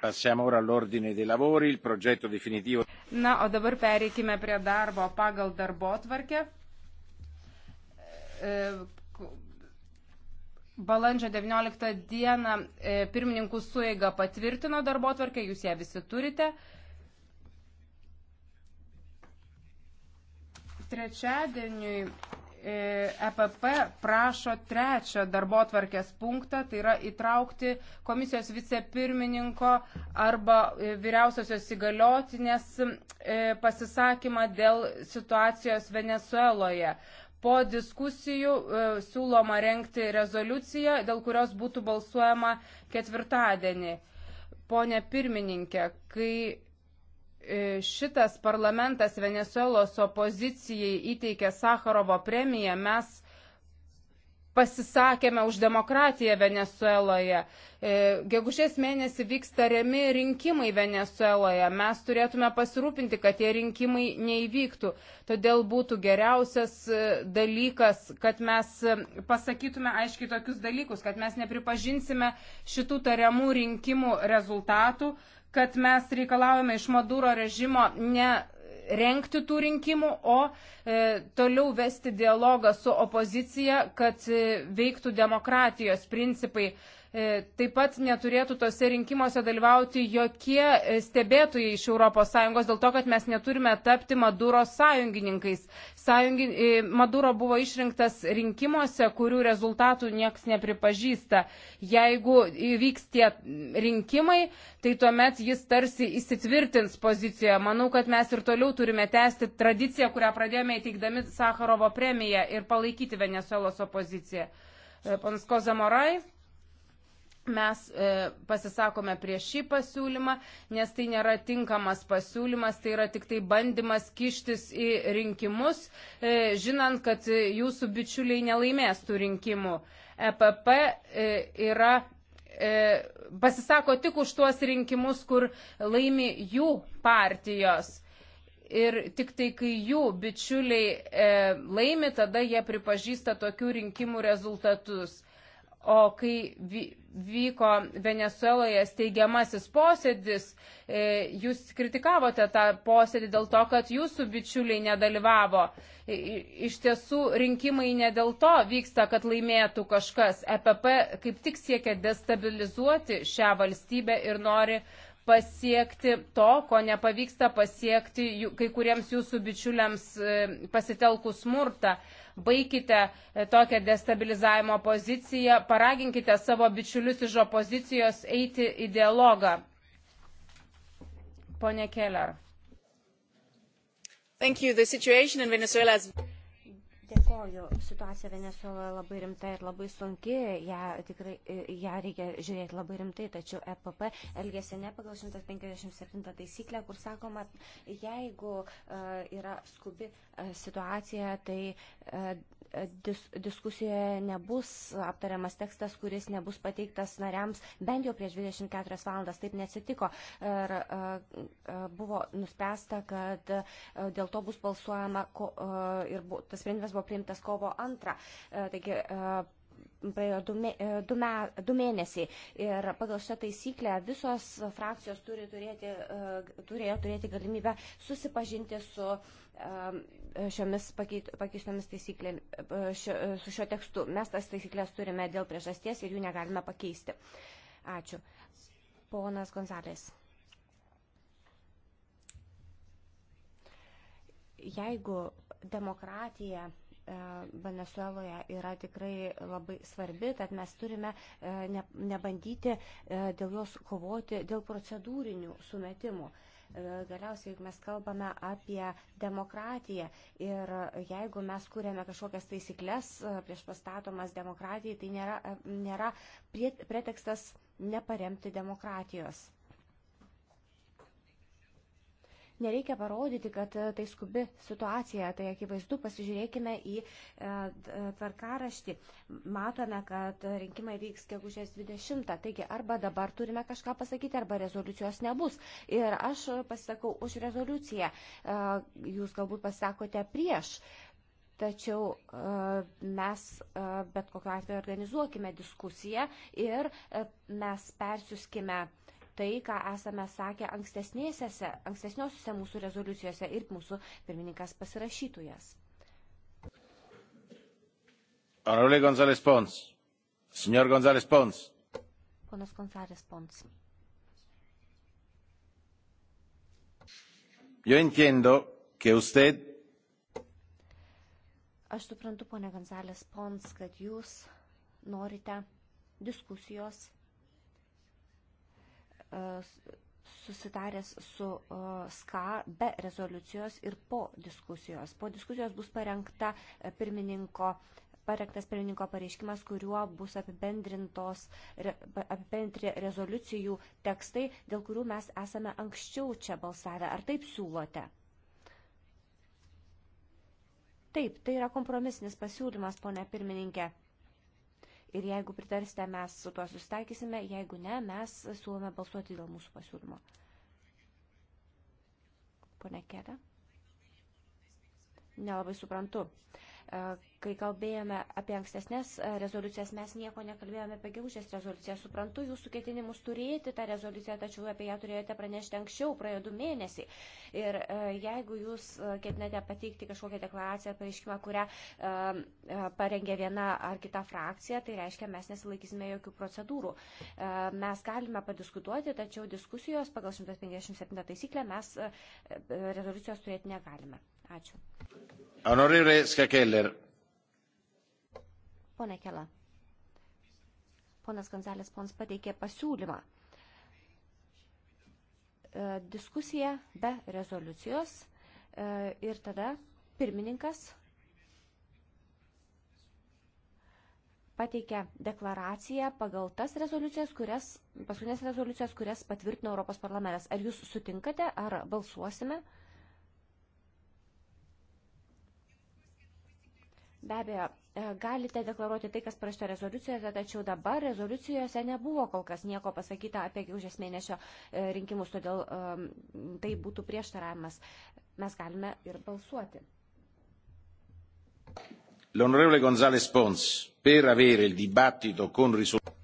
Passiamo ora all'ordine dei lavori, il progetto definitivo. Na, o dabar pereikime prie darbo pagal darbo tvarkę. E, balandžio 19 dieną e, pirmininkų sueiga patvirtino darbo tvarkę, jūs ją visi turite. Trečiadieniui EPP e prašo trečią darbo tvarkės punktą, tai yra įtraukti komisijos vicepirmininko arba e, vyriausiosios įgaliotinės e, pasisakymą dėl situacijos Venezueloje. Po diskusijų siūloma renkti rezoliuciją, dėl kurios būtų balsuojama ketvirtadienį. Pone pirmininkė, kai E, šitas parlamentas Venezuelos opozicijai įteikė Sakarovo premiją, mes pasisakėme už demokratiją Venezueloje. E, gegužės mėnesį vyks tariami rinkimai Venezueloje. Mes turėtume pasirūpinti, kad tie rinkimai neįvyktų. Todėl būtų geriausias e, dalykas, kad mes pasakytume aiškiai tokius dalykus, kad mes nepripažinsime šitų tariamų rinkimų rezultatų, kad mes reikalaujame iš Maduro režimo ne renkti tų rinkimų, o e, toliau vesti dialogą su opozicija, kad e, veiktų demokratijos principai. E, E, taip pat neturėtų tose rinkimuose dalyvauti jokie e, stebėtojai iš ES dėl to, kad mes neturime tapti Maduro sąjungininkais. Sąjungi... E, Maduro buvo išrinktas rinkimuose, kurių rezultatų nieks nepripažįsta. Jeigu įvyks tie rinkimai, tai tuomet jis tarsi įsitvirtins pozicijoje. Manau, kad mes ir toliau turime tęsti tradiciją, kurią pradėjome įteikdami Sakarovo premiją ir palaikyti Venezuelos opoziciją. Panas Kozamorai. Mes e, pasisakome prieš šį pasiūlymą, nes tai nėra tinkamas pasiūlymas, tai yra tik tai bandymas kištis į rinkimus, e, žinant, kad jūsų bičiuliai nelaimės tų rinkimų. EPP e, yra e, pasisako tik už tuos rinkimus, kur laimi jų partijos. Ir tik tai, kai jų bičiuliai e, laimi, tada jie pripažįsta tokių rinkimų rezultatus. O kai vyko Venezueloje steigiamasis posėdis, e, jūs kritikavote tą posėdį dėl to, kad jūsų bičiuliai nedalyvavo. Iš tiesų rinkimai ne dėl to vyksta, kad laimėtų kažkas. EPP kaip tik siekia destabilizuoti šią valstybę ir nori pasiekti to, ko nepavyksta pasiekti kai kuriems jūsų bičiuliams e, pasitelkus smurtą. Baikite e, tokią destabilizavimo poziciją, paraginkite savo bičiulius iš opozicijos eiti į dialogą. Pone Keller. Thank you. The situation in Venezuela is Dėkoju. Situacija Venezueloje labai rimta ir labai sunki. Ja, tikrai, ja reikia žiūrėti labai rimtai, tačiau EPP elgėsi ne pagal 157 taisyklę, kur sakoma, jeigu uh, yra skubi uh, situacija, tai uh, dis, diskusijoje nebus aptariamas tekstas, kuris nebus pateiktas nariams bent jau prieš 24 valandas. Taip neatsitiko. Ir uh, buvo nuspręsta, kad uh, dėl to bus balsuojama ko, uh, ir bu, tas sprendimas buvo priimtas priimtas kovo antrą. E, taigi, e, praėjo du, mė, e, du, mė, du mėnesiai. Ir pagal šią taisyklę visos frakcijos turi turėti, turėjo turėti galimybę susipažinti su šiomis pakeistomis taisyklėmis, su šiuo tekstu. Mes tas taisyklės turime dėl priežasties ir jų negalime pakeisti. Ačiū. Ponas Gonzalės. Jeigu demokratija E, Venezueloje yra tikrai labai svarbi, tad mes turime e, nebandyti e, dėl jos kovoti dėl procedūrinių sumetimų. Galiausiai mes kalbame apie demokratiją ir jeigu mes kūrėme kažkokias taisyklės prieš pastatomas demokratijai, tai nėra, nėra pretekstas neparemti demokratijos. Nereikia parodyti, kad e, tai skubi situacija, tai akivaizdu, pasižiūrėkime į e, e, tvarkaraštį. Matome, kad rinkimai vyks gegužės 20, taigi arba dabar turime kažką pasakyti, arba rezoliucijos nebus. Ir aš pasisakau už rezoliuciją, jūs galbūt pasisakote prieš. Tačiau mes bet kokiu atveju organizuokime diskusiją ir mes persiuskime tai, ką esame sakę ankstesniosiuose mūsų rezoliucijose ir mūsų pirmininkas pasirašytų jas. Honorable González Pons. Senor González Pons. Ponas González Pons. Yo entiendo que usted. Aš suprantu, ponė González Pons, kad jūs norite diskusijos susitaręs su e, SKA be rezoliucijos ir po diskusijos. Po diskusijos bus parengta e, pirmininko parengtas pirmininko pareiškimas, kuriuo bus apibendrintos apibendri rezoliucijų tekstai, dėl kurių mes esame anksčiau čia balsavę. Ar taip siūlote? Taip, tai yra kompromisinis pasiūlymas, ponė pirmininkė. Ir jeigu pritarsite, mes su tuo susitaikysime, jeigu ne, mes siūlome balsuoti dėl mūsų pasiūlymo. Pone Kėda? Nelabai suprantu. Uh, Kai kalbėjome apie ankstesnės rezoliucijas, mes nieko nekalbėjome apie gegužės rezoliuciją. Suprantu jūsų ketinimus turėti tą rezoliuciją, tačiau apie ją turėjote pranešti anksčiau, praėjo du mėnesiai. Ir e, jeigu jūs ketinate pateikti kažkokią deklaraciją, pareiškimą, kurią e, e, parengė viena ar kita frakcija, tai reiškia, mes nesilaikysime jokių procedūrų. Mes galime padiskutuoti, tačiau diskusijos pagal 157 taisyklę mes rezoliucijos turėti negalime. Ačiū. Honorėlė Skakeller. Pone Kela. Ponas Gonzalės Pons pateikė pasiūlymą. E, diskusija be rezoliucijos e, ir tada pirmininkas pateikia deklaraciją pagal tas rezoliucijas, kurias, paskutinės rezoliucijas, kurias patvirtino Europos parlamentas. Ar jūs sutinkate, ar balsuosime? Be abejo, e, galite deklaruoti tai, kas parašyta rezoliucijose, tačiau dabar rezoliucijose nebuvo kol kas nieko pasakyta apie gegužės mėnesio e, rinkimus, todėl e, tai būtų prieštaravimas. Mes galime ir balsuoti. L'onorevole González Pons, per avere il dibattito con risultati.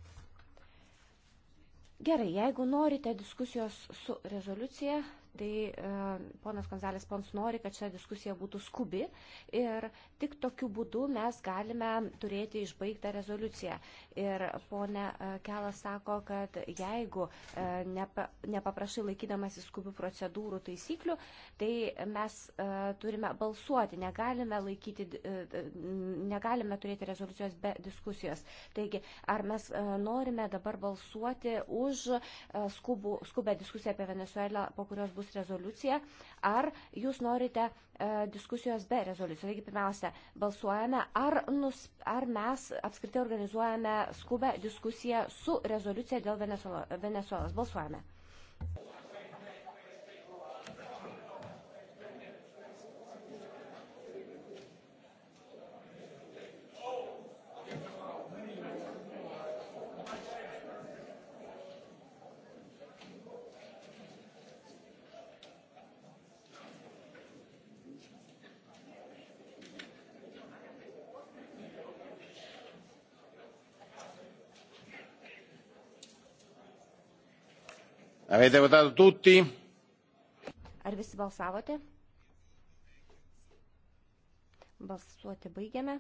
Gerai, jeigu norite diskusijos su rezoliucija, tai e, ponas Gonzalės Pons nori, kad šią diskusiją būtų skubi ir tik tokiu būdu mes galime turėti išbaigtą rezoliuciją. Ir ponė e, Kelas sako, kad jeigu e, nepaprašai laikydamasi skubių procedūrų taisyklių, tai mes turime balsuoti, negalime, laikyti, negalime turėti rezoliucijos be diskusijos. Taigi, ar mes norime dabar balsuoti už skubų, skubę diskusiją apie Venezuelą, po kurios bus bus rezoliucija, ar jūs norite e, diskusijos be rezoliucijos. Taigi, pirmiausia, balsuojame, ar, nus, ar mes apskritai organizuojame skubę diskusiją su rezoliucija dėl Venezuelos. Balsuojame. Avete votato tutti? Ar visi balsavote? Balsuoti baigiame.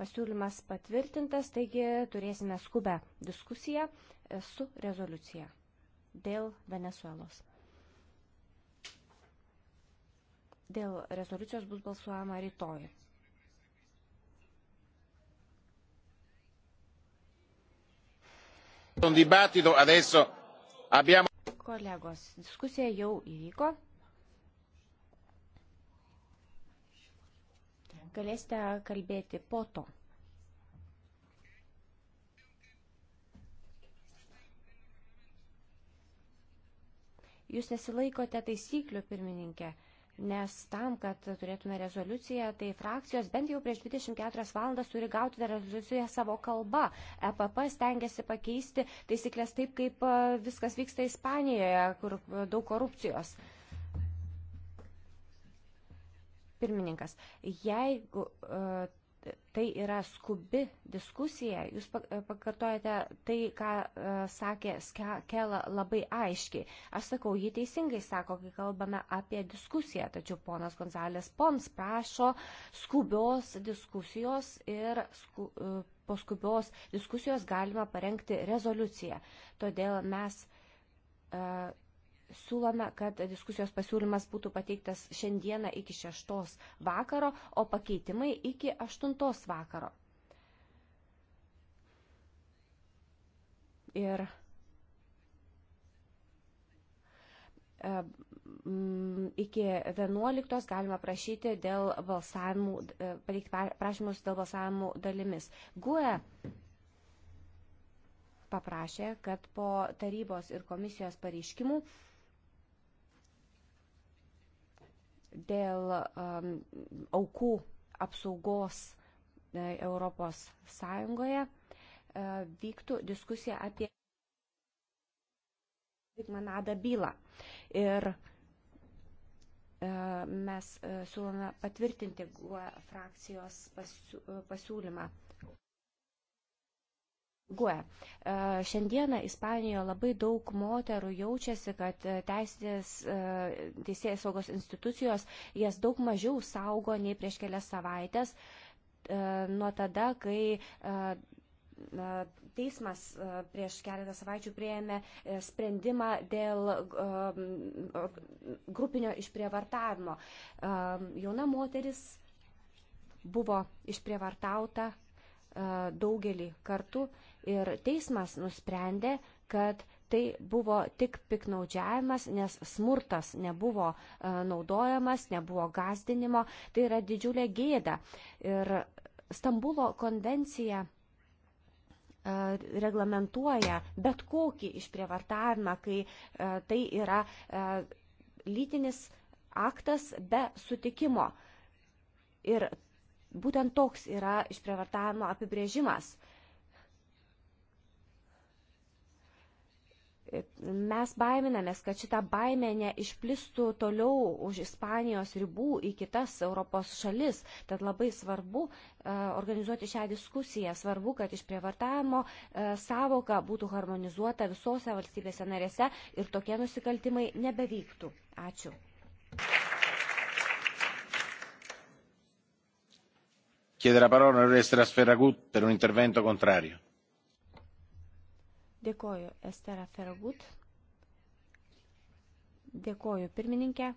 Pasiūlymas patvirtintas, taigi turėsime skubę diskusiją e, su rezoliucija dėl Venezuelos. Dėl rezoliucijos bus balsuojama rytoj. Kolegos, diskusija jau įvyko. Galėsite kalbėti po to. Jūs nesilaikote taisyklių, pirmininkė. Nes tam, kad turėtume rezoliuciją, tai frakcijos bent jau prieš 24 valandas turi gauti rezoliuciją savo kalba. EPP stengiasi pakeisti taisyklės taip, kaip e, viskas vyksta Ispanijoje, kur e, daug korupcijos. Pirmininkas, jeigu e, tai yra skubi diskusija, jūs pakartojate tai, ką e, sakė Skela labai aiškiai. Aš sakau, jį teisingai sako, kai kalbame apie diskusiją, tačiau ponas Gonzalės Pons prašo skubios diskusijos ir sku, e, po skubios diskusijos galima parengti rezoliuciją. Todėl mes e, siūlome, kad diskusijos pasiūlymas būtų pateiktas šiandieną iki 6 vakaro, o pakeitimai iki 8 vakaro. Ir e, iki 11 galima prašyti dėl balsavimų, e, pateikti prašymus dėl balsavimų dalimis. GUE paprašė, kad po tarybos ir komisijos pareiškimų dėl um, aukų apsaugos e, Europos Sąjungoje e, vyktų diskusija apie Manadą bylą. Ir e, mes e, siūlome patvirtinti e frakcijos pasiūlymą. GUE. E, šiandieną Ispanijoje labai daug moterų jaučiasi, kad teisės, e, teisėjai saugos institucijos jas daug mažiau saugo nei prieš kelias savaitės e, nuo tada, kai teismas prieš keletą savaičių prieėmė sprendimą dėl grupinio išprievartavimo. Jauna moteris buvo išprievartauta E, daugelį kartų ir teismas nusprendė, kad tai buvo tik piknaudžiavimas, nes smurtas nebuvo e, naudojamas, nebuvo gazdinimo. Tai yra didžiulė gėda. Ir Stambulo konvencija e, reglamentuoja bet kokį išprievartavimą, kai tai yra lytinis aktas be sutikimo. Ir Būtent toks yra išprievartavimo apibrėžimas. Mes baiminamės, kad šita baimė neišplistų toliau už Ispanijos ribų į kitas Europos šalis. Tad labai svarbu e, organizuoti šią diskusiją. Svarbu, kad išprievartavimo e, savoka būtų harmonizuota visose valstybėse narėse ir tokie nusikaltimai nebevyktų. Ačiū. Chiede la parola onorevole Estera Sferagut per un intervento contrario. Dėkoju, Estera Feragut. Dėkoju, pirmininkė.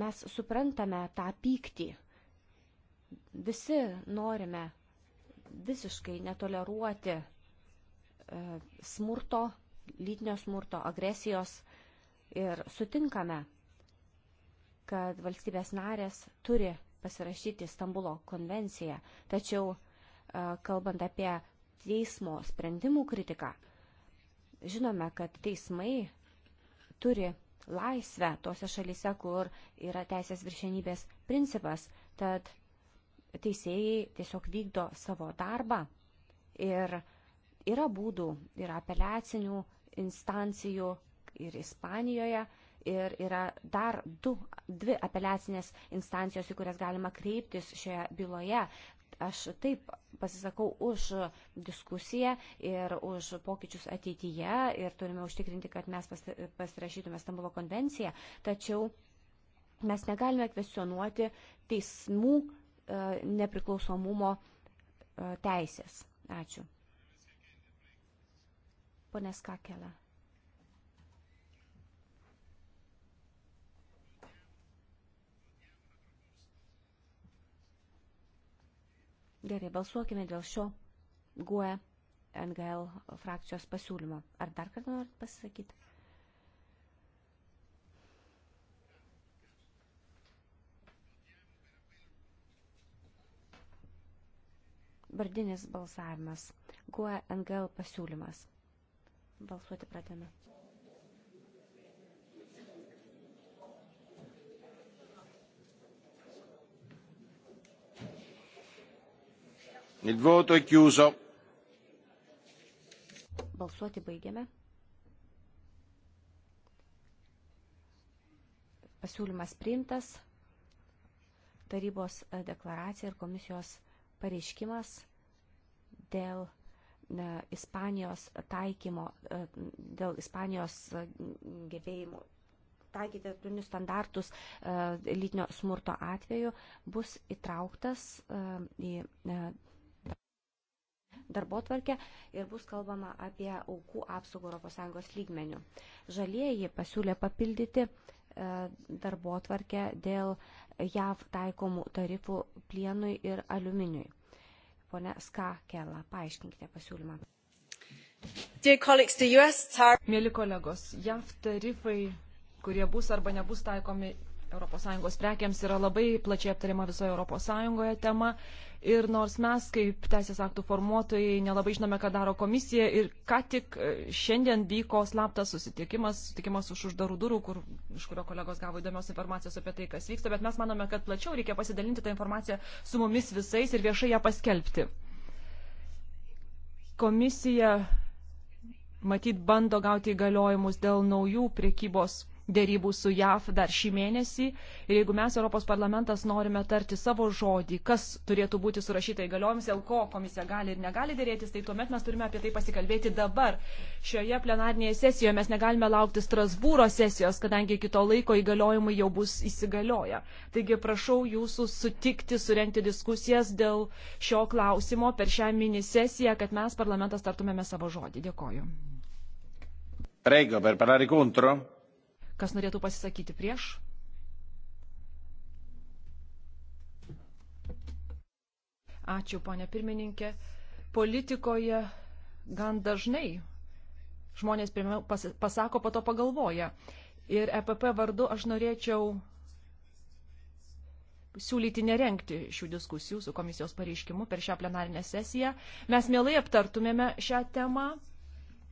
Mes suprantame tą pyktį. Visi norime visiškai netoleruoti e, smurto, lytinio smurto, agresijos ir sutinkame, kad valstybės narės turi pasirašyti Stambulo konvenciją. Tačiau, e, kalbant apie teismo sprendimų kritiką, žinome, kad teismai turi laisvę tose šalyse, kur yra teisės viršenybės principas, tad teisėjai tiesiog vykdo savo darbą ir yra būdų, yra apeliacinių instancijų ir Ispanijoje, ir yra dar du, dvi apeliacinės instancijos, į kurias galima kreiptis šioje byloje. Aš taip pasisakau už diskusiją ir už pokyčius ateityje ir turime užtikrinti, kad mes pasirašytume Stambulo konvenciją, tačiau mes negalime kvesionuoti teismų e, nepriklausomumo e, teisės. Ačiū. Pone Skakela. Gerai, balsuokime dėl šio GUE NGL frakcijos pasiūlymo. Ar dar kartą norit pasisakyti? Vardinis balsavimas. GUE NGL pasiūlymas. Balsuoti pradėjome. Il voto è chiuso. Balsuoti baigiame. Pasiūlymas priimtas. Tarybos e, deklaracija ir komisijos pareiškimas dėl ne, Ispanijos taikymo, e, dėl Ispanijos e, gebėjimų taikyti tarptautinius standartus lytinio smurto atveju bus įtrauktas į darbo tvarkę ir bus kalbama apie aukų apsaugą ES lygmenių. Žalieji pasiūlė papildyti e, darbo tvarkę dėl JAV taikomų tarifų plienui ir aliuminiui. Pone Ska Kela, paaiškinkite pasiūlymą. Mėly kolegos, JAV tarifai, kurie bus arba nebus taikomi ES prekiams yra labai plačiai aptariama visoje ES tema. Ir nors mes, kaip teisės aktų formuotojai, nelabai žinome, ką daro komisija ir ką tik e, šiandien vyko slaptas susitikimas, susitikimas už uždarų durų, kur, iš kurio kolegos gavo įdomios informacijos apie tai, kas vyksta, bet mes manome, kad plačiau reikia pasidalinti tą informaciją su mumis visais ir viešai ją paskelbti. Komisija matyt bando gauti įgaliojimus dėl naujų priekybos dėrybų su JAV dar šį mėnesį. Ir jeigu mes, Europos parlamentas, norime tarti savo žodį, kas turėtų būti surašyta įgaliojimus, dėl ko komisija gali ir negali dėrėtis, tai tuomet mes turime apie tai pasikalbėti dabar. Šioje plenarnėje sesijoje mes negalime laukti Strasbūro sesijos, kadangi iki to laiko įgaliojimai jau bus įsigalioję. Taigi prašau jūsų sutikti surenkti diskusijas dėl šio klausimo per šią mini sesiją, kad mes parlamentas tartumėme savo žodį. Dėkoju prego per parlare contro Kas norėtų pasisakyti prieš? Ačiū, ponė pirmininkė. Politikoje gan dažnai žmonės pirmiau pasako, po to pagalvoja. Ir EPP vardu aš norėčiau siūlyti nerengti šių diskusijų su komisijos pareiškimu per šią plenarinę sesiją. Mes mielai aptartumėme šią temą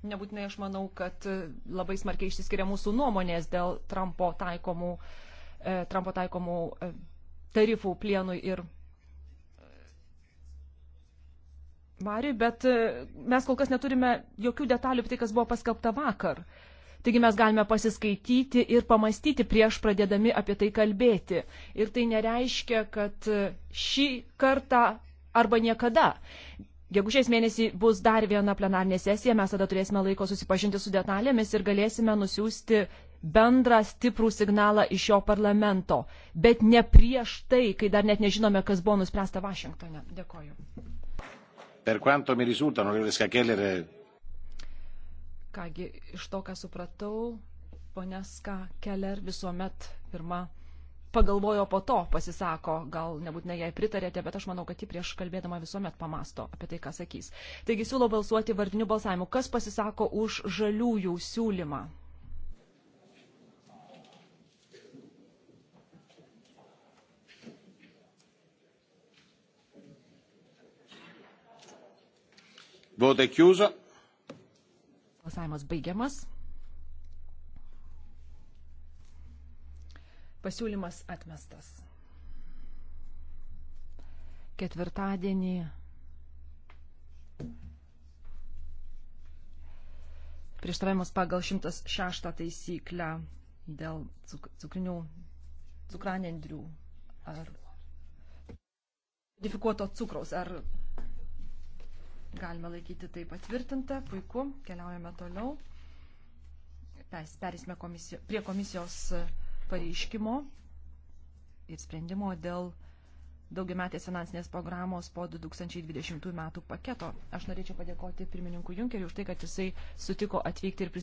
Nebūtinai aš manau, kad e, labai smarkiai išsiskiria mūsų nuomonės dėl Trumpo taikomų, e, Trumpo taikomų e, tarifų plienui ir variui, bet mes kol kas neturime jokių detalių apie tai, kas buvo paskelbta vakar. Taigi mes galime pasiskaityti ir pamastyti prieš pradėdami apie tai kalbėti. Ir tai nereiškia, kad šį kartą arba niekada. Gegužės mėnesį bus dar viena plenarinė sesija, mes tada turėsime laiko susipažinti su detalėmis ir galėsime nusiųsti bendrą stiprų signalą iš šio parlamento, bet ne prieš tai, kai dar net nežinome, kas buvo nuspręsta Vašingtone. Dėkoju. Per quanto mi risulta, onorevole Skakeller. Kągi, iš to, ką supratau, ponia Skakeller visuomet pirma pagalvojo po to, pasisako, gal nebūtinai jai pritarėte, bet aš manau, kad ji prieš kalbėdama visuomet pamasto apie tai, ką sakys. Taigi siūlau balsuoti vardiniu balsavimu. Kas pasisako už žaliųjų siūlymą? Voto chiuso. Balsavimas baigiamas. Pasiūlymas atmestas. Ketvirtadienį prieštaravimas pagal 106 taisyklę dėl cukrinių, cukranendrių ar modifikuoto cukraus. Ar galime laikyti tai patvirtinta? Puiku, keliaujame toliau. Perėsime komisijos, prie komisijos pareiškimo ir sprendimo dėl daugiametės finansinės programos po 2020 metų paketo. Aš norėčiau padėkoti pirmininkų Junkeriu už tai, kad jisai sutiko atvykti ir pristatyti.